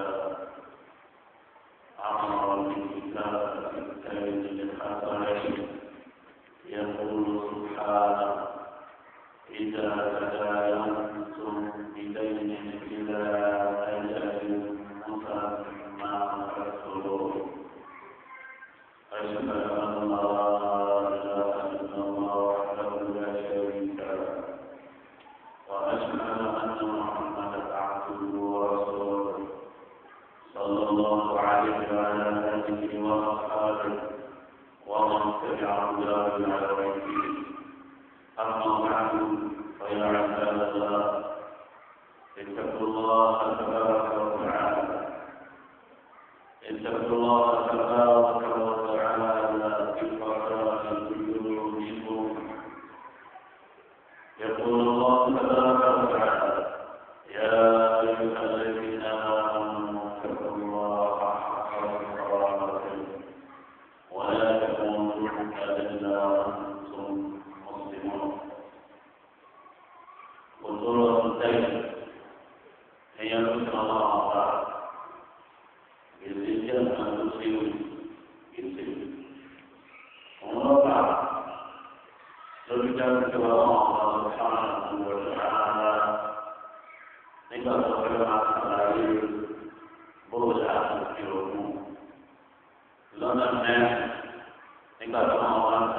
uh,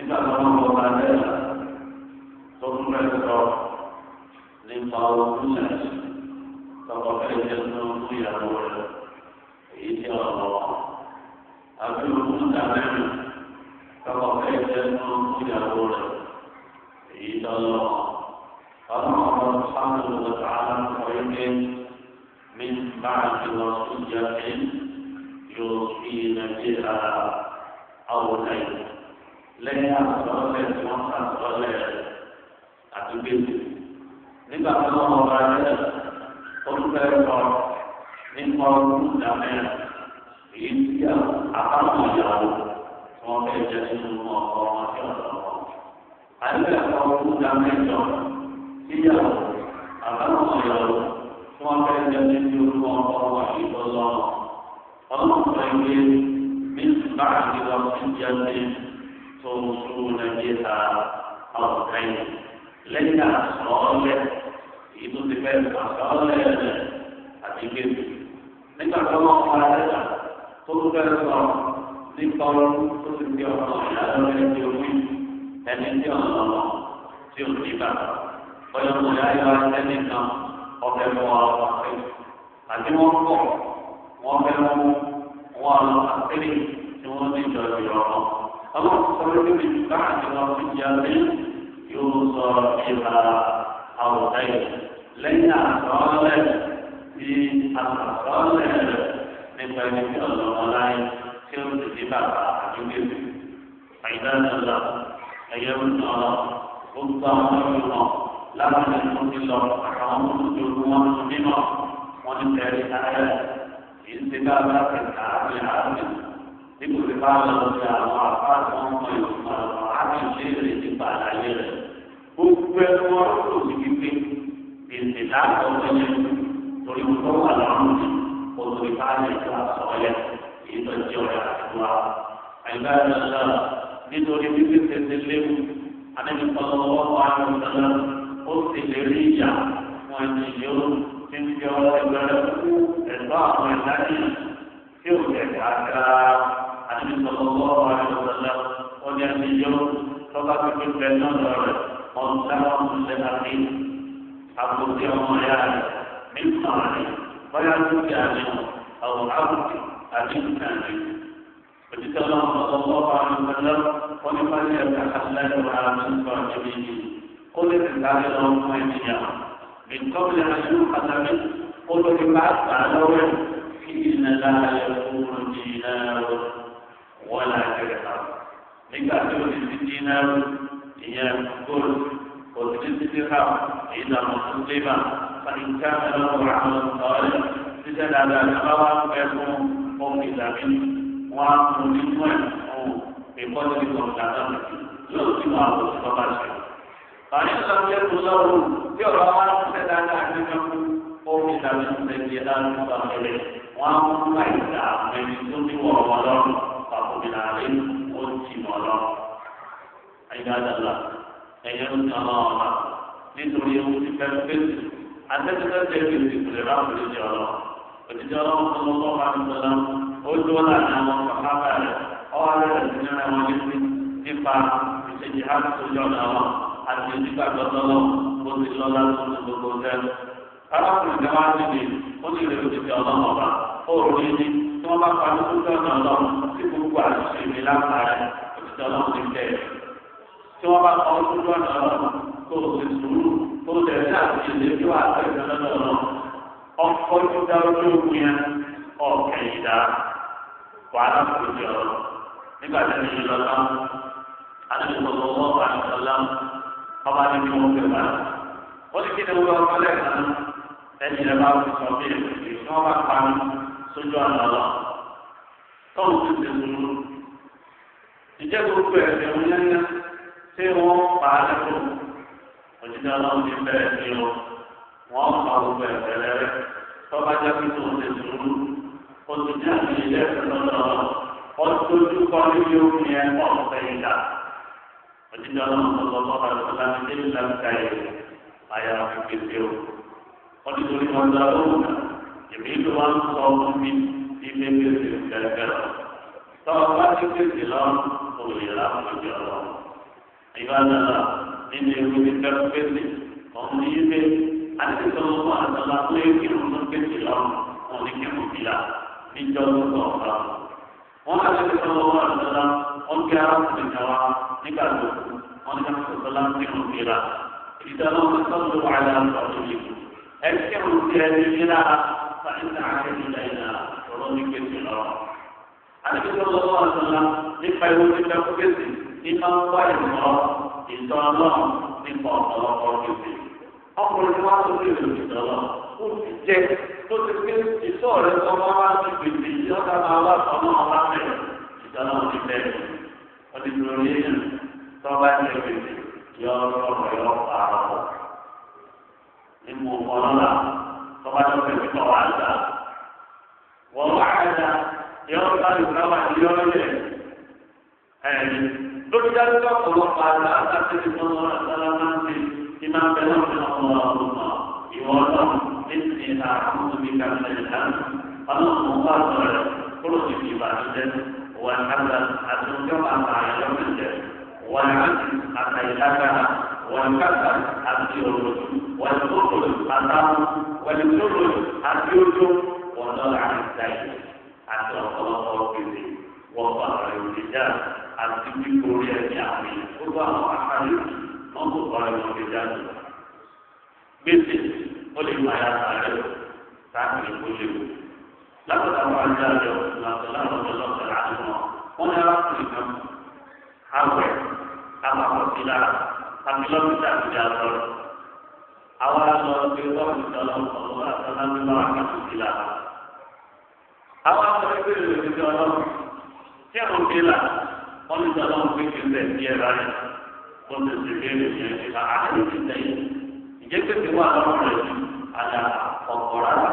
nígbà tó ń lọ bá bẹ́ẹ̀ la tó ń bẹ̀ sọ nípa ojú ṣàṣì tọkọ fẹ́ jẹ́ tó ń fún ìyàwó rẹ̀ èyí tí ọ̀rọ̀ wà. àbí ojú ṣàmẹ́rin tọkọ fẹ́ jẹ́ tó ń fún ìyàwó rẹ̀ èyí tí ọ̀rọ̀ wà. ọlọ́run ọ̀rọ̀ sáwọn olùdókòwò àwọn ọmọ ẹgbẹ́ من بعد وصية يوصين بها أو نيل lẹ́yìn àtọ́lẹ̀ tí wọ́n kà sọ́lẹ̀ àtúgbèsè. nígbà tí wọ́n mọ̀ ọ́ra rẹ̀ ó ń fẹ́ sọ nípa ọdún ìdámẹ́rin èyí tí àbámu ìyàwó tí wọ́n fẹ́ jẹ nínú ọkọ wọn tí wọ́n sọ àìlẹ́ ẹ̀kọ́ ọdún ìdámẹ́jọ síyàwó àbámu ìyàwó tí wọ́n fẹ́ jẹ nínú ọkọ wọn tí wọ́n sọ wọn. ọlọ́run sọ ti jẹ́ nínú. توصون بها أرضين لن أصال إذا تفهم أصال أتكلم لن أصال أصال تنظر nítorọ̀ tó ti di ọ̀nà ìyàwó rẹ̀ ti omi ẹni tí ọ̀nà ọ̀nà tí ò ní bàbá. Bọ́lá mo yá yọ ẹni kan ọbẹ̀ mọ́ ọ̀rọ̀ pé àti wọ́n pọ̀ wọ́n fẹ́ mú wọn lọ àpérè tí wọ́n ní ìjọ ìyọ̀rọ̀. ọlọ́run sọ wípé bíbí bá àjọyọ̀ ìjà mi yóò sọ ìlà àwòrán yìí lẹ́yìn àtọ́lẹ̀ tí àtọ́lẹ̀ rẹ̀ nípa ẹni tí ọlọ́run láyé tí ó ti di bàbá àdúgbò àyíká ńlá ẹ̀yẹ ń lọ ó gbá ọmọ yìí lọ lábàá ẹ̀kọ́ ti lọ àwọn ọmọ tó ń wọn mímọ́ wọn ti tẹ̀lé ara rẹ̀ kì í ṣe bá a bá kẹta àbí àbí. nígbà tí bá lọ sí àwọn àpáàtì wọn mọ ìwà àti ìṣẹ̀lẹ̀ nípa àlàyé rẹ gbogbo ẹni wọn tó ti fi pé èsì láàbọ̀ wọlé torí wọn tó wà lọ́rùn ní oṣù ìbáraẹ̀ tó àṣọ ọlẹ èyí tó jẹ ọ̀rẹ́ àti wa àyíká ẹ̀ lọ́la nítorí wípé tètè léwu àdéhùn ọlọ́wọ́ wà lọ́la ó sì lè rí ìyá wọn ní yóò ti ń fi ọlọ́ọ̀gbẹ́rẹ́ fún ẹ̀tọ́ àwọn ìdájì tí ò النبي صلى الله عليه وسلم وجاء اليوم فقط في الجنة ومن سلم لأخيه عبد يوم يعلم من صالح ويعبد آمنه أو عبد أمين كامل فاجتمع صلى الله عليه وسلم ولمن يتحلل على من صاحبه قلت الآية المؤمنية من قبل أن يوحد منه قلت بعد على في إن لا يكون دينار wọ́n là kẹrẹ náà nígbà tí o ti ti di náà ìyẹn gold o ti ti ti ha èyí náà mo tún dé bá fani ká ẹnu ọ̀rọ̀ àwọn ọ̀rẹ́ títẹ̀ dáadáa ní bá wà pẹ́ fún ohun ìdàmí wọn á fún nínú ẹ̀ fún ìkọ́jú ìkọ̀ǹgà náà yóò ti máa wò sí bàbá ṣe. Bàbá ìṣòro ń yẹ kó lọ́wọ́ tí ọ̀rọ̀ wa ń fẹ́ dáadáa ní ẹ̀kọ́ omi ìdàmí ń bẹ̀rẹ̀ dáadáa ní bàbá rẹ̀ wọ́n á mú àìsàn àmọ́ ẹni tó ti wọ̀ ọ́ lọ́rùn. بالعالمين قلت مولا عباد الله ẹyẹn ń tàn án ọba nítorí ewu ti fẹ́ fèsì atẹ́tẹ́tẹ́ tẹ̀lé ti pèlè láwùjọ ìjọ lọ òjijì ọlọ́run tó lọ́kọ́ bá ti sọ̀rọ̀ ó dúró láti àwọn pàpàpà rẹ̀ ọwọ́ rẹ̀ rẹ̀ ti nira wọn létí nípa ìṣèjì àtúntò lọ́wọ́ àti nípa gbọ́dọ́lọ́ bó ti lọ láti gbogbo tẹ́lẹ̀. arákùnrin kan wá síbi ó sì lè lójijì ọlọ́run ọba ó rò ní tí wọ́n bá pa ní sójú ọ̀nà ọlọ́run tí gbogbo àṣìṣe mi lápára òṣìṣẹ́ ọlọ́run ti tẹ̀. tí wọ́n bá pa sójú ọ̀nà ọlọ́run tó o sì sùúrù tó o tẹ̀lé àti ìlé tí wàá tẹ̀ ìjọba ọlọ́run ọkọ̀ tó dá ojú ogun yẹn ọ̀kẹ́ ìdá wàhálà kò jẹ ọ̀rọ̀ nígbà tí mi lọ sáwọn alẹ́sọ̀tọ̀ ọwọ́ àìsọ̀lá ọba ní kí wọ́n fẹ́ wá. wọ́n ti kéde wọ́n lọ́wọ́ lẹ́ẹ̀kan ẹ̀yìn rẹ̀ bá wọ́n sọ bí sójú ọ̀nà lọ tọ́wọ́ tó ti mú un. ìjẹ́ gbogbo ẹ̀sẹ̀ wọn yẹn ṣé wọ́n pa á lẹ́kọ̀ọ́ òjijì ọlọ́run ti bẹ̀rẹ̀ sí o wọ́n pa gbogbo ẹ̀sẹ̀ rẹ̀ tọ́ba jẹ́ pé tó ti mú un. oṣù tí a ti lè lẹ́sẹ̀ lọ́dọ̀ ọdójú kọ́ níbi omi ẹ̀ pọ̀ fẹ̀yìntà òjijì ọlọ́run tó lọ́kọ́ àlùfáà ní dé ìlànà ìkàyè àyà òfin pèsè o. ọdún tó ní wọn dá lóhùn náà èmi ló wá ń sọ fún mi ilé pèsè gẹ́gẹ́ lọ. tọ́wọ́ bá ti pèsè lọ kò lè ra òjò lọ. ìbádàlà nínú ewu ní fẹ́ pèsè ọ̀hún ní ilé àti tọ́wọ́ bá àtàlà tó yẹ kí wọ́n tún pèsè lọ òun ní kẹ́kọ̀ọ́ bí la níjọ́ tó tọ̀ ọ̀la. wọ́n á ti tọ́wọ́ bá àtàlà wọ́n arákùnrin kan nígbà tó wọ́n ní káfíńsì tọ́lá ń kẹ́kọ̀ọ́ bí ìdáná wọn sọ́dọ̀ فإن عليه إلينا وروني كثيرا أنا كنت صلى الله عليه وسلم nípa ìwé nípa kúkẹ́sì nípa wá ìmọ̀ ìtọ́ náà nípa ọ̀pọ̀lọpọ̀ kẹsì. ọkùnrin tí wọ́n á tó ní ìlú ìtọ́ náà ó ti tọ́bátọ́ fẹ́ fi tọ́ wá gbà. wọ́n wá àdá yọ bá lùkà wà ní ọ̀rẹ́ ẹ̀rí lórí dájú ọ̀pọ̀lọpọ̀ àgbà àti ìfọwọ́ sálámáńtì ní máa ń bẹ náà fún ọmọ ọmọ ìwọ ọlọ́run nítorí àkókò mi kà ń lẹ̀ dáná ọlọ́run wà lọ́rẹ̀ kúrò níbi ìbànújẹ́ wà ní àgbà àti ọjọ́ àgbà àyọ̀ wàǹkàtà àti òrò wàǹkòrò àtàwọn wàǹkòrò àti ojú wọ̀nà àìsàyè àti ọ̀pọ̀lọpọ̀ gbèsè wọ̀pọ̀ àwọn ìdíjà àti kíkórí ẹ̀mí àwọn èèyàn tó bá àwọn àkàlù wọn ẹ̀mí ìdíjà lọ. gbèsè ó lè máa yàtọ̀ àárẹ̀ sáàkì ìbò lè wò látọ̀tà wọn àti àjọ látọ̀tà lọ́sọ̀rọ̀ àti wọn wọn ní arákùnrin kan àwẹ̀ àpapọ̀ sí lára àmì lọ́kùnrin àti ìyàtọ̀ àwọn àlọ́ ti lọ́kùnrin ọlọ́run àtàlà ń lọ àkàtúntì là àwọn àtọ́jú ìgbèrè lè fi ọlọ́run tí àwọn òkè là wọ́n ní sọ ọlọ́run pé kí n bẹ̀ sí ẹ̀rọ ayé wọ́n ti sì léèrè yẹn ti ká àárín ti sẹ́yìn ìjẹ́ pé kí wọ́n àlọ́ rẹ̀ ju àdá ọ̀pọ̀ rárá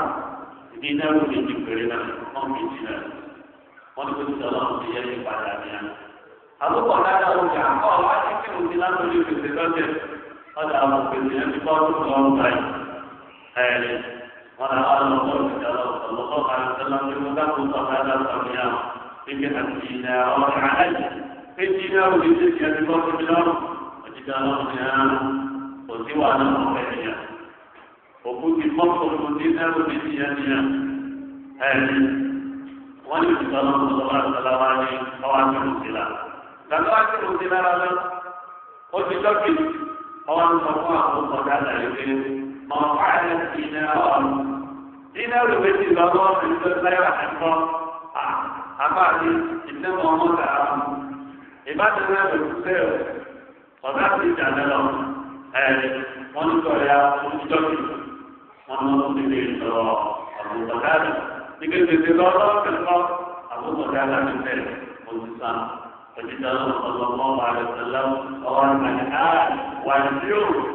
ìdí náírà méjì péré náà wọ́n náà wọ́n ti sọ ti yẹ àlùkò dáadáa ló jà kọ́ ọ ndị kí òun ti láti orí òkèèrè lọ́jẹ̀ ọjà àwọn òkèèrè yẹn ti bọ́ọ̀lù tó ń gbà yìí. wọn náà wọn lọ ìjà lọ ọ̀lọ́kọ̀ àti sẹ́lá tí wọ́n dákun sọ dáadáa sọ̀rọ̀ yà wọ́n àti ilẹ̀ ọ̀rọ̀ àlẹ́ péjì náà ò ní ti tiẹ̀ ti bọ́ọ̀lù mi lọ́rùn òjijì ọlọ́run yẹn á kò sí wà ọ̀fẹ́ lọ́dọ̀ wá sí òde lára lọ ó ti tọ́jú ọwọ́ ń sọ fún àwọn ọmọdé àlàyé pé mọ̀ fáyà sí iná ọ̀run iná rẹ̀ bẹ́ẹ̀ ti lọ́wọ́ ìlú náírà ẹ̀kọ́ àbáàdé ìdílé mọ́ ọmọ tààrà ìbátan náà lè kú sẹ́ẹ̀ ọ̀dà sí ìdáná lọ ẹ̀ wọ́n ń sọ ya ó ti tọ́jú wọ́n lọ́ sí ilé ìtọ́ ọ̀dùn ọ̀dà nígbèsè lọ́wọ́ ọ̀dùn ọ̀dà láti bẹ̀rẹ̀ òṣìṣàn. فجد صلى الله عليه وسلم قال من الآن والجوع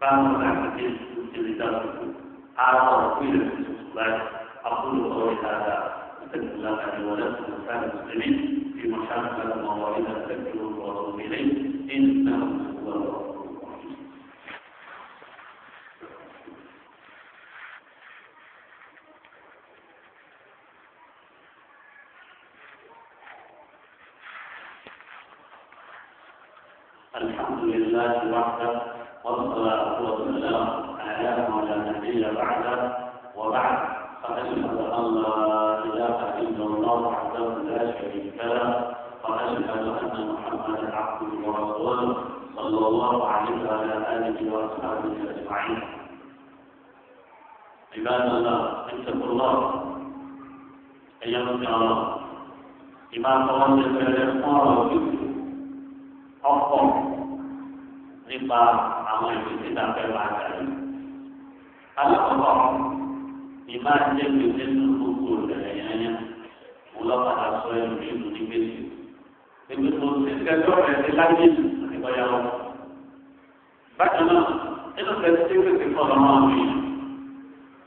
فهم الحديث جلده هذا رسول الله أقول قولي هذا أستغفر الله لي ولكم وسائر المسلمين في مشاكل المواعيد التكفير والرسول إليه إنه لله وحده والصلاة والسلام على مولانا نبي بعده وبعد فأشهد أن لا إله إلا الله وحده لا شريك له وأشهد أن محمدا عبده ورسوله صلى الله عليه وعلى آله وأصحابه أجمعين عباد الله اتقوا الله أيها الله إمام الله جل وعلا أخبر nípa àwọn ìwé títà fẹ́ máa dà yìí. alákọ̀ọ́ ìmá jẹ́ gbèsè nínú gbogbo ìrẹ̀lẹ̀ yányá mo lọ́kadà sọ ẹnu nínú ní gbèsè. ebi tó ti kẹjọ rẹ̀ ti láyé nígbàyà wọn. bákan náà nínú kẹsí tí gbèsè kọ̀ lọ́mọ mi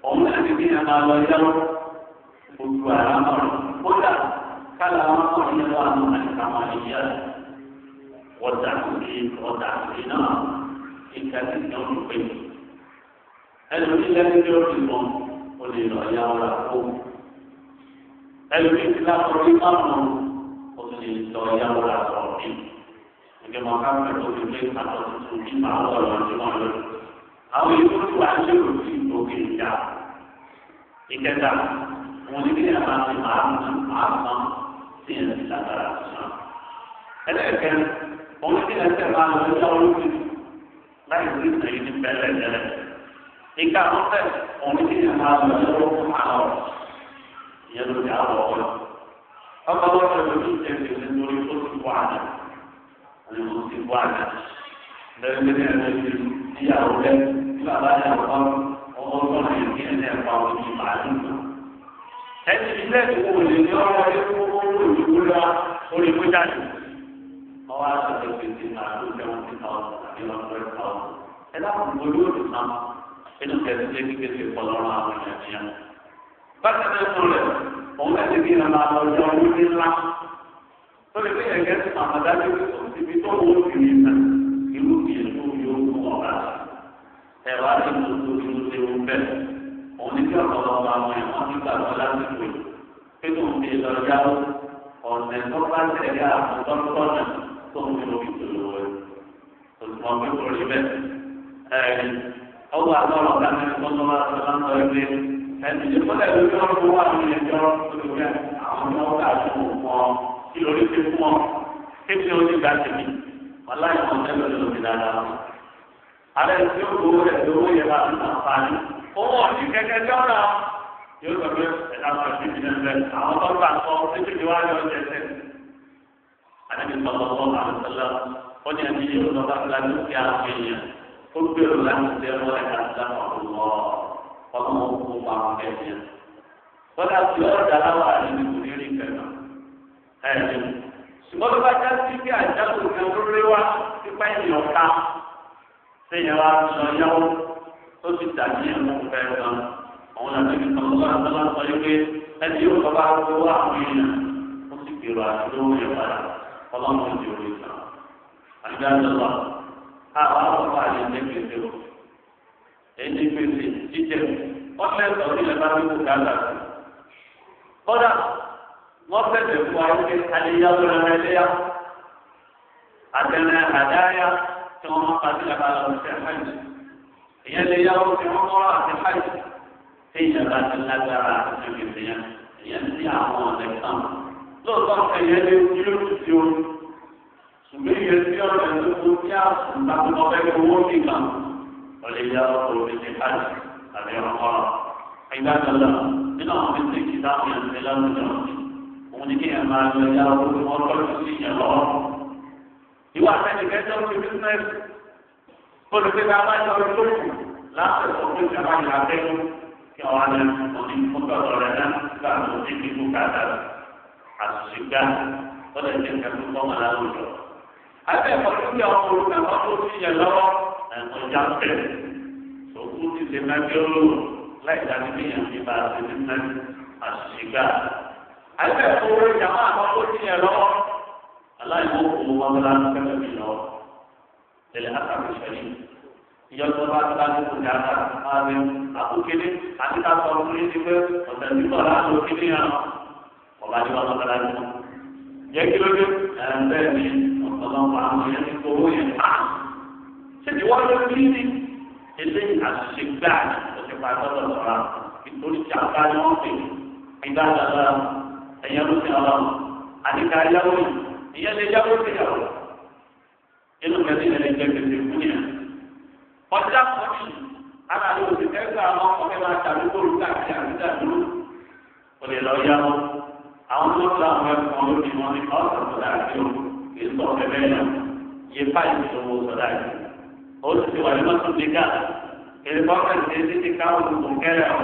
òun náà ti bí ẹ̀ka lọ yáwó gbogbo àlámọ̀ràn kódà kálá àwọn ọmọ yẹn wà nínú àìsàn àwọn ìyá rẹ̀ wọ́tà sí wọ́tà sí náà kíkà sí ní ọdún pé ẹlòmí lẹ́nu tí ó ti mọ o lè lọ ya ọ̀rà kó ẹlòmí ti lápò ní márùn o lè lọ ya ọ̀rà sọ̀rọ̀ mi ìgbẹ́ mọ ká fẹ́ tó fi pàtó tuntun bí màá wọ̀ lọ sí wọn lọ àwọn ìlú tí wàá ṣe kò sí òkè ìjà ìkẹta wọn ní kí ni àwọn àti màá mú màá sí ẹ̀sìn lágbára sàn ẹlẹ́ẹ̀kẹ́ òun ti ẹsẹ̀ máa lọ sí ọrùn mi láì ní ìsèyí ní bẹ́lẹ̀ ìka àwọn fẹ́ òun ti ẹsẹ̀ máa lọ sí ọrùn fún àwọn ìyẹn ló ti àwọ̀ ọ̀rọ̀. ọkọ̀ wọn fẹ́ lórí ìtẹ̀sẹ̀ ní orí tó ti wà ní orí tó ti wà ní. lẹ́yìn ní ẹ̀rọ ìyàwó rẹ̀ nígbà bá yà wọ́n ọgọ́gọ́ rẹ̀ ní ẹ̀rẹ́ ẹ̀fà òun ti màálù ẹni ilé ìwòlè ní ọ̀rọ̀ ẹ̀kọ́ olùkúra olùkújáde fifty thousand seventy thousand àti hundred thousand ẹ láti mọ yóò ti sàn inú kẹsí lé ní kéde kọlọ́rọ́ àwọn èèyàn ti yàn. bákan náà fún rẹ òun ẹni bí ìlànà àwọn ọjọ́ orí ní ńlá tó lè fi ẹ̀gẹ́ sí àmàdájú ibi tó wọ́n ti ní ìtàn ìlú bí ìlú yóò mú ọ̀rá ẹ̀rọ àti ìlú tó ti ń bẹ̀rẹ̀ òun ní kí ọ̀pọ̀lọpọ̀ àwọn èèyàn ń fi tó ń mú omi tó lò wẹ̀ òtún tó ń bá tún sọ pé ẹ̀dá máa fi ìdílé àti ìfọ̀tọ̀tọ̀ àlùsọ̀lá wọ́n yẹn ti yóò lọ́ba gba dúkìá àfihàn ó gbèrò láti tẹ ẹ̀rọ ẹ̀ka ìdáná ọ̀rọ̀ ọdún ọkùnrin pa àwọn ẹ̀yẹ. Bọ́dà tí ó dára wà nínú ìrírí kẹ̀kẹ́ ẹ̀yẹ. Ṣùgbọ́n tó bá já sí bí àjálù kan lórí wá nípa ènìyàn ká sẹ́yìn wa sọ yáwó tó ti dàbí ẹ̀mú fẹ́ gan. Àwọn làbẹ́bí kan lọ́wọ́ àtọ́lá sọ yí pé ẹni yóò lọ́ba gbowó àwọn èèyàn ó sì gbèrò àti lówó yẹn padà. فضم عندي وليس أجلال الله هذا أرفع للنبي في الوقت إن في الزين جدًا وحلل قليل ما في مكالا قد مرتب وعيد الحلية والعملية أتنا هدايا ثم قتل على مستحن هي اللي يروا في عمرة الحج هي جبات النجاة في الزين ينزي عمرة الأمر lóòótọ́ ẹ̀yẹ lé yóò tù sí o ṣùgbọ́n ìyẹn tí ọ̀rọ̀ ẹ̀ ló kó kí á sùn láti lọ fẹ́ owó nígbà ọ̀lẹ́ yá ọkọ̀ òṣèlú káàdì àbí ọkọ̀ ẹ̀yà gbọ́dọ̀ nínú àwọn fífi kìtà àwọn ẹ̀sẹ̀ láwùjọ òun ni kí ẹ̀ máa lọ yá owó tí wọ́n tọ́ sí ìyẹn lọ. ìwà sẹ́ni kẹ́tọ́ ti bísínẹ́sì olùgbéga bá yọ ọdún tó kù àtúnṣe wọ́n lè tẹ̀ka tó kọ́ wọn láwùjọ. Àti ẹ̀kọ́ tó yẹ ọmọ òrùka wọn tó ti yẹ lọ́wọ́ ẹ̀kọ́ já pẹ̀. Sòkú ti ṣe mẹ́fẹ́ olówó láì dání bí yẹn ti bá ṣe ní mẹ́fẹ́ àtúnṣe gbà. Àti ẹ̀kọ́ owó ìjàmọ́ àwọn tó ti yẹ lọ́wọ́ aláìwọ́ kò wọ́n wọn láti fẹ́fẹ́ mi lọ. Tẹ̀lé àtàkùn ìṣẹ̀lẹ̀ ìjọba bá ti bá ti kò ní àtàkùn àti àkókèlé àti ọba tí wọn lọ́kọ́ láti mọ́. Yẹ kí ló dé? Ẹ bẹ́ẹ̀ ni ọ̀pọ̀lọpọ̀ àwọn yẹn ti owó yẹn pa. Ṣé ti wọ́n lé bí ní ilé àṣìṣe gbáà òṣè pa tọ́lọ̀ lọ́ra? Ìtòrí ti àgbá ni wọ́n fi ìgbà dàgbà ẹ̀yẹn ló ti ọlọ́run. Àdìgbà yáwó yìí, ìyẹn lè yáwó sí yàwó. Inú kẹ́lí lè jẹ gbèsè fún yẹn. Ọjà kọ́ni, aláàlú òṣìṣẹ́ gbà ọkọ̀ mẹ́wàá tàbí kó àwọn tó ta àwọn ẹ̀fọn lórí wọn ní ọ̀sán sọ̀dá àti o kì í sọ ọ̀fẹ́ bẹ́ẹ̀ náà yé báyìí tó wọ sọ̀dá àti o sì ti wà ní mọ́tò nígà kiri bọ́kẹ́ ti ti ti ká òkú kò kẹ́rẹ́ o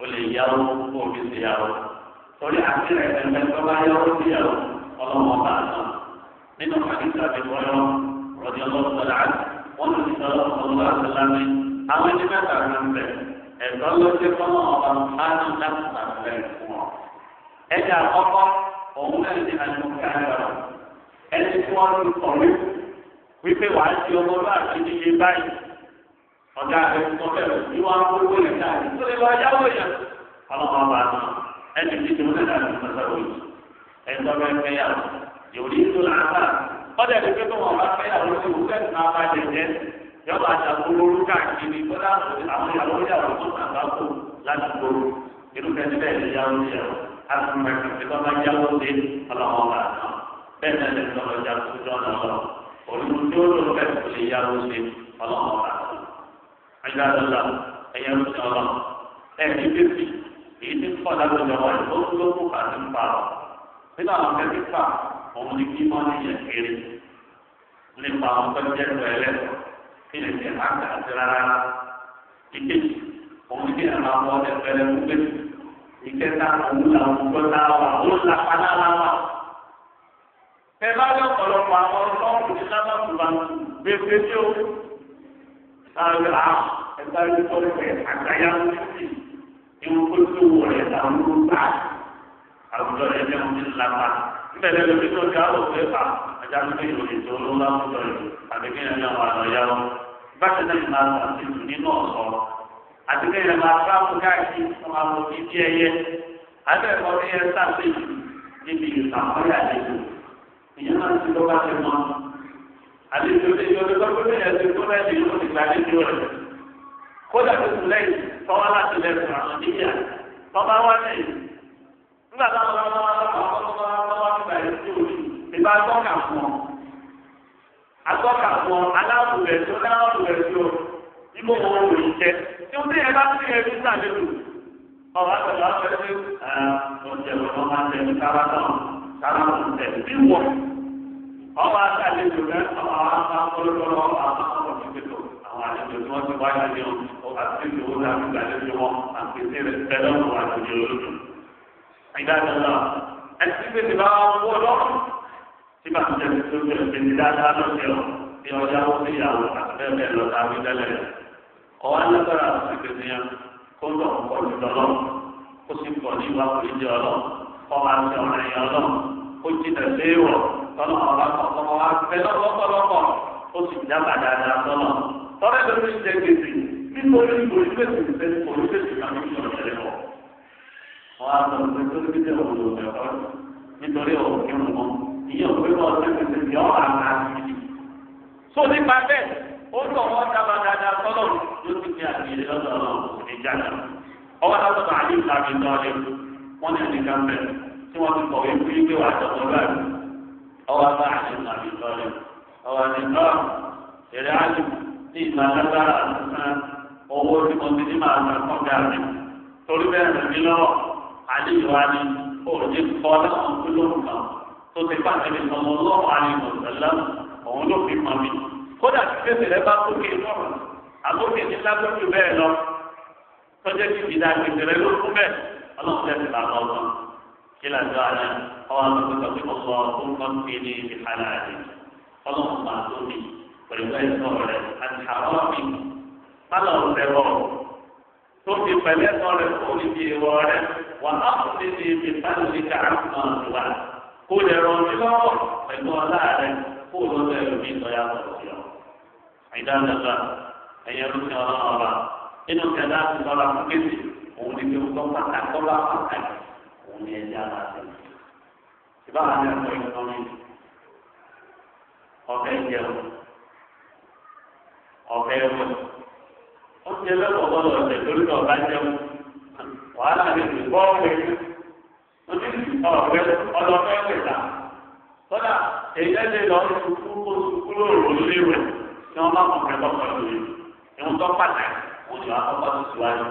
o lè yáwó kó o fi ti yáwó torí àti rẹ̀ ẹ̀mẹ́ tó bá yáwó sí yàwó ọlọ́mọ bá a sọ nínú àdìsá ti bọ́ yọ rọ̀dí ọlọ́mọ láti wọ́n ti sọ ọlọ́mọ láti àwọn ẹni mẹ́ta kan bẹ̀ ẹ̀tọ́ ló ẹni àkọ́kọ́ òun náà ti àlùmọ̀kẹ́ àgbàrá ẹni tí wọ́n ń kọ̀ mí wípé wàá ti ọmọ bá àti nílé báyìí ọ̀gá rẹ̀ sọ bẹ́ẹ̀ ni wọ́n á gbówó yẹn káàkiri tó lè wá yáwó yẹn ọlọ́mọ bá a ẹni tí náà bẹ́ẹ̀ fẹ́ yà ọ̀dẹ̀ wọn bá fẹ́ yà ti wù asùnmọ̀ ìfẹ́ bá máa jáwó sí ọlọ́wọ́ ọ̀la náà bẹ́ẹ̀ náà lè sọ̀rọ̀ ìjà sójú ọ̀nà ọ̀rọ̀ olùkú tí ó lò fẹ́ kò lè yáwó sí ọlọ́wọ́ ọ̀la náà. ajá lọ́la ẹ̀yẹ ń sọ ọlọ́ ẹ̀mí bíbí èyí ti pọ̀ lágbèjọ wọn ló ń lókù àti ń parọ́ nínú àwọn fẹ́ fífà òun ni kí wọ́n ní yẹn kiri nípa àwọn tó jẹ́ ẹ̀rọ ẹlẹ́kọ̀ọ́ kí lè ṣe àgbà àti rárá ìkejì òun ni kí ẹ̀rọ àwọn ọ̀dẹ̀ fẹ́rẹ́ mú gbèsè ìkẹta àwùjọ àwùjọ náà wà ó là padà náà wà. ẹ bá yọ ọ̀pọ̀lọpọ̀ àwọn ọlọ́run ní sábàbùbà gbèsè tí ó sáré à ẹ̀ka ẹni tó ń bẹ̀ àgbáyà ń bì ìwọ kó tó wọ̀ ẹ̀ láwùjọ bá àwùjọ rẹ̀ jẹ́ omi ńlá bá. níbẹ̀ lẹ́nu bí tó ti àwọn òfin fà ajá ń gbé ìròyìn tó ló láwùjọ yìí àbí kí ẹ̀yàn wà lọ yá wọn. bákan náà àti bẹ́ẹ̀ lọ́ba aráàlú káàkiri ọmọ àwọn òbí bí ẹyẹ àtẹ̀kọ́ bí ẹ sáfẹ́ níbi ìsàmọ́lẹ̀ àlejò ìyẹn náà ti lọ́ba ti ìgbà kódà tó kù láti àwọn níyà wá nígbà táwọn ibo wo wo yìí jẹ tí wọn tẹyẹ bá tún yẹ fi sáré lò ọwọ́ àgbẹjọ àgbẹjọ ọjọ́ ìwọ máa tẹ ní kára náà kára náà tẹ bí wọ ọwọ́ àtàlẹ lò rẹ ọwọ́ àtàkọlọlọ ọwọ́ àtàkọlọlọ àwọn àlejò tí ti wáyé ní ọwọ́ àti ìwọ náà ti gbàlejò wọn àti ìṣẹ̀lẹ̀ tẹ́lẹ̀ wọn àti ìṣẹ̀lẹ̀ ìdájọ́ náà ẹtí ọwọ́ alágbára àwọn ìgbésẹ̀ kó lọ kọ́ lùdọ́ kó sì pọ̀ ní ìwà òrìjì ọlọ kọ́ máa ṣe ọ̀rẹ́ ọlọ kó jìnà léèwọ̀ tọ́lọ́ ọ̀rọ̀ kọ̀ọ̀kan wọn á fẹ́ lọ́kọ̀lọ́kọ̀ sì dábàá dáadáa tọ́lọ̀ tọ́lẹ̀ ló ń ṣe gbèsè nítorí olùfẹ̀sì olùfẹ̀sì náà ń sọ̀rọ̀ tẹ́lẹ̀ wọ̀. wọ́n á sọ pé tó ti dẹ̀ wọ́n lò lẹ́kọ́ nítorí òkè wọn ìyẹn òkè wọn ṣe gbèsè yọ̀ ọ́ àgbà. so nípa ó lọ wọ́n dábà dáadáa sọ́dọ̀ ló ti fi àmì lọ́dọ̀ ìjà náà ọwọ́ láti sọ àyè ìtàgé lọ́ọ̀lẹ́ wọ́n ní ẹnì kan bẹ̀ tí wọ́n ti kọ̀wé fún yín pé wàá jọ̀dọ̀ báyìí ọwọ́ bá àyè ìtàgé lọ́ọ̀lẹ́ ọwọ́ ní náà èrè àjù ní ìtàlágbára owó tí mo ti ní màá gbà kọ́ bí àmì torí bẹ́ẹ̀ rẹ̀ mí lọ́wọ́ àyè ìwà ni òòjì kọ́ láwọn gbólóhùn kan tó ti bá ẹni sọmọ lọ́wọ́ àyè ìmọ̀ òun ló fi mọ̀ mi kódà tí pèsè rẹ bá lókè lọ́rùn àlókè ní lágbójú bẹ́ẹ̀ lọ tọ́jẹ́ ti di da gbèsè rẹ ló fún bẹ́ẹ̀ ọlọ́run tẹ̀sí bá lọ sọ kí làjọ àná ọwọ́ àtúntò pé ọ̀sọ̀ ọ̀hún kan fi ní ìhàlà rẹ̀ ọlọ́run máa tó mi pẹ̀lú ẹ̀sọ́ rẹ̀ àti àwọn mi pálọ̀ rẹ̀ wọ̀ tó fi pẹ̀lẹ́ sọ rẹ̀ kó ní ti wọ̀ rẹ̀ wà á kò ní ti fi pálọ̀ ní kàrà kan wà kó lè rọ̀ mí lọ́wọ́ pẹ̀lú ọlá rẹ̀ kó lọ́ọ́ àìdáàdàgbà ẹ̀yẹ lókè ọ̀rọ̀ ọ̀rọ̀ inú kẹlẹ́ àti bọ́lá fún kéde òun ni kí wọ́n pàtàkì tọ́lá pàtàkì òun ni ẹ̀jẹ̀ ara rẹ̀ ìbára ní ẹ̀kọ́ ìtọ́ni ọ̀fẹ́ jẹun ọ̀fẹ́ wẹ̀ ó ti ẹlẹ́kọ̀ọ́ bọ́lá ọ̀sẹ̀ torí ọ̀bá jẹun wàhálà ní ìbọ̀ ọ̀fẹ́ ọ̀fẹ́ ọlọ́fẹ́ wẹ̀ ta kọ́dà èyí ẹ̀ lè lọ sùkúrú sùkúrú òrùlé wẹ̀ tí wọ́n bá mọ̀ pé lọ́kọ̀ lóye ìwọ̀n tó pàtàkì wọ́n ti wá kọ́kọ́ tó síwájú.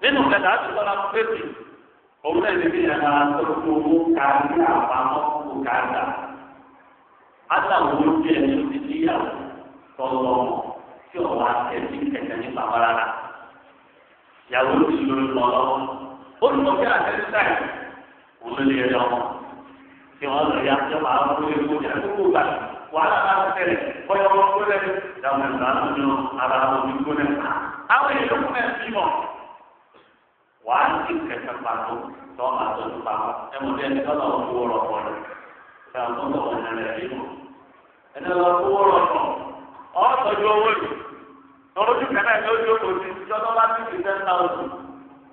nínú kẹta àti tọ́lá pépè òun náà ní bí ẹ̀ka tó tó owó kárí àpamọ́ owó káàdà átàwọn oúnjẹ ẹni tó ti di ìyàwó tọ́lọ́ tí ọ̀wá ẹ̀sìn kẹ̀kẹ́ nípa rárá ìyàwó ló ti lórí lọ lọ́wọ́ ó ní wọ́n fi àtẹ́lẹ́ sáì òun ló lè yẹ ọmọ tí wọ́n lọ ya tí wọ́n máa ń kó ewu ní àdúgbò gbà wàhálà máa ń tẹ̀lé bọ́yá wọn kó lẹ́nu ìdáwọn nínú ara wọn ní kó lẹ́nu. àwọn èèyàn kún ẹ̀ bímọ. wàá ní kẹsàn pàtó tó ọmọ àtọ́jú pàtó ẹ mọ bí ẹni tọ́lọ̀ ń wúrọ̀ pọ̀ rẹ̀ ṣe àwọn tó ń bọ̀ wọn rẹ̀ bímọ. lọ kó wúrọ̀ pọ̀ ọ́ tọ́jú owó yìí lọ́dún kẹ́lẹ́ ní ojú òkò sí ìjọba bá ti fi ten thousand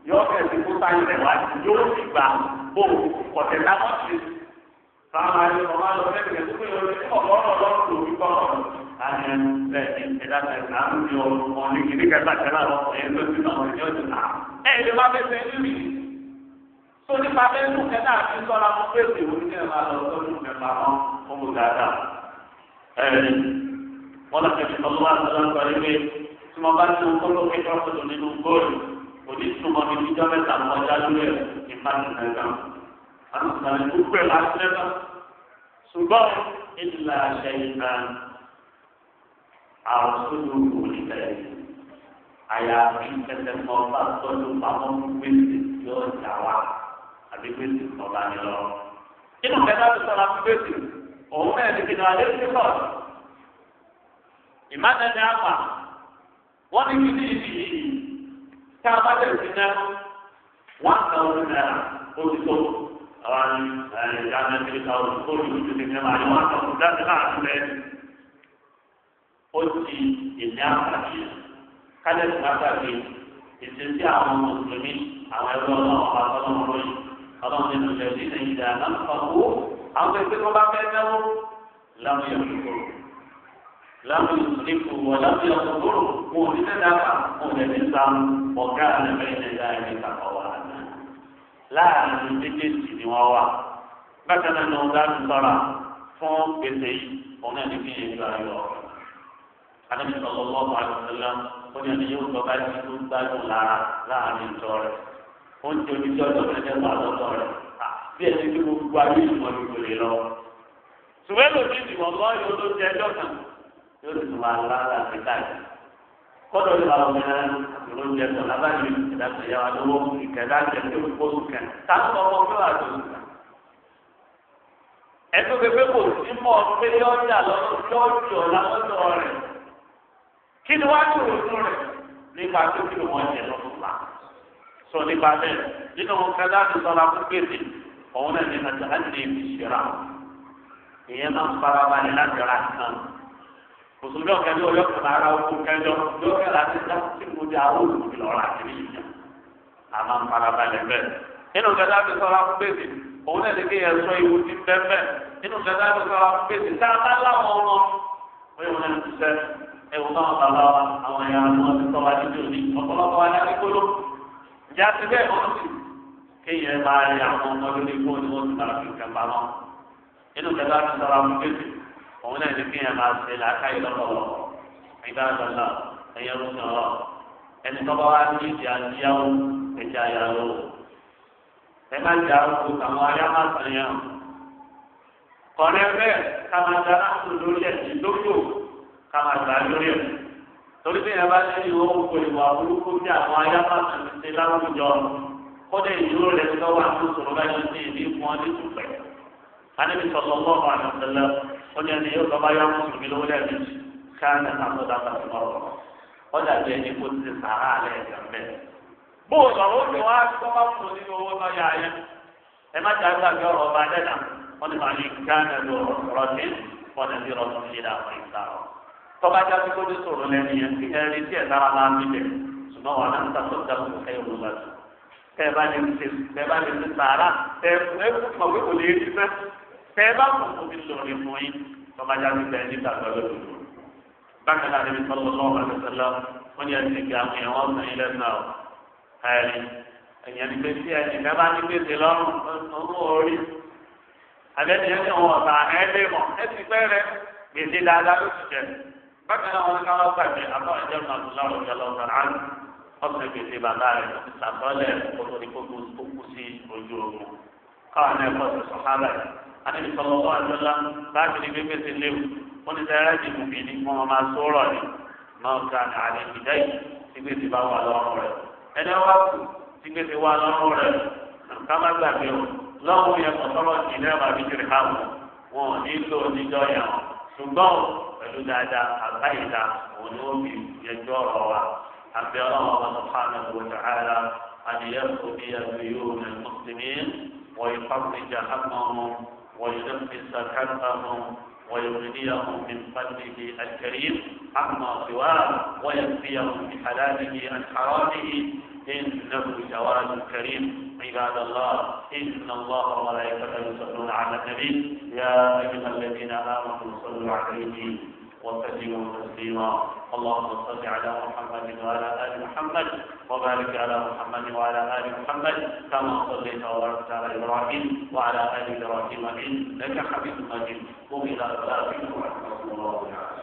yọ ọ́ kẹ́sì fún táyì rẹ̀ wá yóò fi gbà bò kọ̀tẹ̀ lámọ́sí fáwọn àti ọmọ àlọ fẹ́ẹ́ bẹ̀rẹ̀ fún ìwé ọ̀pọ̀ ọ̀rọ̀ ọlọ́run ló wí kọ́ ọ̀rọ̀ àti ẹ̀ ẹ̀dá ẹ̀dá ń yọ ọmọ ní kìíní kẹta kẹta lọ ẹ̀yẹ ló ti náà ẹ̀yẹ ọ̀dùn náà. ẹ ẹ lè má fẹ́ fẹ́ rí mi. tó nípa bẹ́ẹ̀ mú kẹta àti sọ́ra mú pé èsì òun kẹ́ máa lọ sọ́dún mẹ́fà mọ́ ọmọ dáadáa. ẹ wọn lọ fẹ́ ọlọ́wọ́ àtọ́lá ń parí pé tí wọ́n bá ti ń kọ́ lókè tó àtùtàn gbogbo ẹ̀ láti lẹ́tà ṣùgbọ́n ìlà ṣẹ̀yìnà àròsódò òní tẹ̀lé àyàfi tẹ̀tẹ̀ mọ́ bá tọ́jú pamọ́ gbèsè tí ó jà wá àbí gbèsè mọ́ bá ní lọ. inú kẹta tó sọ̀rọ̀ àti gbèsè òun náà ti kìnnà alẹ́ sí pọ̀ ìmádẹ́ni àgbà wọ́n ní kí ní ìdí yìí tá bá tẹ̀sí náà wọ́n á kà ó ní náà ó ti tó àwọn ìdáná tí ká òun kó lù ú ti fi máa yọ àtọ̀ láti máa tún ẹ. ó ti èmi àpàtì kálẹ̀ tó bá gbàgbé ìṣesí àwọn mùsùlùmí àwọn ẹgbẹ́ ọlọ́run ọba tọ́lọ́run lóyún ọlọ́run nínú ilẹ̀ ní nàìjíríà náà ń fọwọ́ àwọn pèsè kó bá fẹ́ náwó láwọn yóò dúró láwọn wọ láwọn yóò dúró ò ní fẹ́ dábàá ò ní sáà láàrin méjèèjì ni wọ́n wà bákan náà ni wọ́n dá ní sọ́ra fún gbèsè yìí òun náà ní kí n yẹ ayọ̀ anábì sọ̀rọ̀ lọ́wọ́ àlùfẹ́lá ó ní yóò sọ bá ti tó gbádùn lára láàrin ìjọ rẹ̀ ó ń tẹ̀lé ìjọ ọ̀dọ́ ẹ̀jẹ̀ wà lọ́dọ̀ rẹ̀ bí ẹni tí gbogbo ayé ìmọ̀ ìgbò lè lọ. ṣùgbọ́n lòdì ìwọ̀n lọ́yọ̀ ló jẹ́ ẹjọ́ kan yóò sì máa lára àti káàkiri kọ́dọ̀ ní bàbá mi náà ló ń jẹ sọ lábàjì ìdàgbà yà wà lọ́wọ́ ìkẹ́lá jẹ pé kó oṣù kẹ́ táwọn ọmọ mi wà lọ́wọ́ ẹ̀tọ́ pé pé kò sí mọ́ pé lọ́jà lọ́jọ́ lọ́jọ́ rẹ̀ kí ni wàá tó oṣù rẹ̀ nípa tó kí wọ́n jẹ lọ́sùlá sọ nípa bẹ́ẹ̀ nínú kẹ́lá ti sọ lápú pèsè òun náà ní àjà á ní ìṣẹ́ra ìyẹn máa ń farabalẹ̀ láti ra kan òṣèlú ọ̀kẹ́ ní ọyọ́ kẹta ara ojú kẹjọ yóò kẹta ti dá sí mo di àwọn olùdókè lọ́ra kiri ìjà àmà ń farabalẹ̀ bẹ́ẹ̀. nínú kẹta fi sọ́ra fún bèbè òun náà lè ké yẹn sọ ìwú ti bẹ́ẹ̀ nínú kẹta fi sọ́ra fún bèbè tá a bá láwọn ọmọ wọ́n yóò náà ti sẹ́ ẹ̀wọ̀n náà bàbá wa àwọn ẹ̀yà ni wọ́n ti sọ wa níbi òní ọ̀pọ̀lọpọ̀ wa ní akíkóló ìjà ti bẹ́ẹ̀ wọ́n sì kéèyàn máa rí àwọn ọmọ lórí ikú ni wọ́n ti bàrà fi kẹ òun náà ní kí ẹ máa ṣe làákàyè lọ́pọ̀lọ́ ìbáraẹ̀lọ́ ẹ̀yẹ oúnjẹ ọ̀rọ̀ ẹni tó bá wá ní ìdí àdíyàwó ẹ̀jẹ̀ àyàwó ẹ má jà ó àwọn ayámásán yẹn kọ̀ọ̀rẹ́ bẹ́ẹ̀ ká máa jà láti lórí ẹ̀sìn lókò ká máa jà lórí ẹ̀ torí bí ẹ bá ní ìwọ òkò ìwà burúkú bí àwọn ayámásán ti ṣe láwùjọ kọ́dẹ̀ ìdúró rẹ̀ lọ́wọ́ àtúnṣòro báyìí ó ní ẹni yóò lọ́ba yá mùsùlùmí lówó lẹ́ẹ̀mejì káàdà sáfọ́ dábàá sí ọ̀rọ̀ ó dàbí ẹni kó ti sàárà alẹ́ ẹ̀sán bẹ́ẹ̀. bó o sọ̀rọ̀ ó ti wá tó bá fún nínú owó náà yá ayẹ ẹ má jà gbàgbé ọ̀rọ̀ ọba dẹ́nà wọ́n ti máa ní káàdà lọ rọ́ọ̀tì wọ́n ti rọ́ọ̀tì sí ìdáwọ̀ ìdáwọ̀ tọ́ba tó bá lè ṣe tẹ́ ẹ bá lè tẹ ẹ bá kọ̀ tó fi lòrì fún yín tọ́ba já sí bẹ́ẹ̀ nígbà tó lọ sí lòrì. bákan náà níbi tọ́lọ́ lọ́wọ́ àti sẹ́lẹ̀ wọ́n ní ẹni gà àwọn èèyàn wọ́n sàn yín lẹ́nu náà ẹ̀rí èèyàn ní pé sí ẹni ìfẹ́ bá ní pèsè lọ́rùn owó orí. àbẹ́ni ẹni wọn ọ̀tà ẹ mọ̀ ẹ ti gbèsè dáadáa ló ti jẹ. bákan náà wọn káwọn àti sọlọ́wọ́ àjọlá láti ní pépé sí léwu ó ní sẹ́rẹ́ ìdìbò kì ní kí wọ́n máa sọ̀rọ̀ ni náà ká àlè ìdá yìí tí gbèsè bá wà lọ́rùn rẹ̀ ẹni wá kù tí gbèsè wà lọ́rùn rẹ̀ ká má gbàgbé o lọ́wọ́ yẹn kò sọ̀rọ̀ ìdílé ọ̀bà bí jìrì ká wọ̀ wọn ní lò níjọ́ yẹn o ṣùgbọ́n pẹ̀lú dáadáa àbáyìíta òun ni ó fi yẹjọ́ ọ̀rọ̀ wa àbẹ̀ ọlọ́wọ́ wa ta'ala وينفي سكنهم ويغنيهم من فضله الكريم عما سواه ويكفيهم بحلاله عن حرامه إنه جواد كريم عباد الله إن الله وملائكته يصلون على النبي يا أيها الذين آمنوا صلوا عليه وسلموا تسليما اللهم صل على محمد وعلى ال محمد وبارك على محمد وعلى ال محمد كما صليت وباركت على ابراهيم وعلى ال ابراهيم انك حميد مجيد وبلا الى ورحمه الله تعالى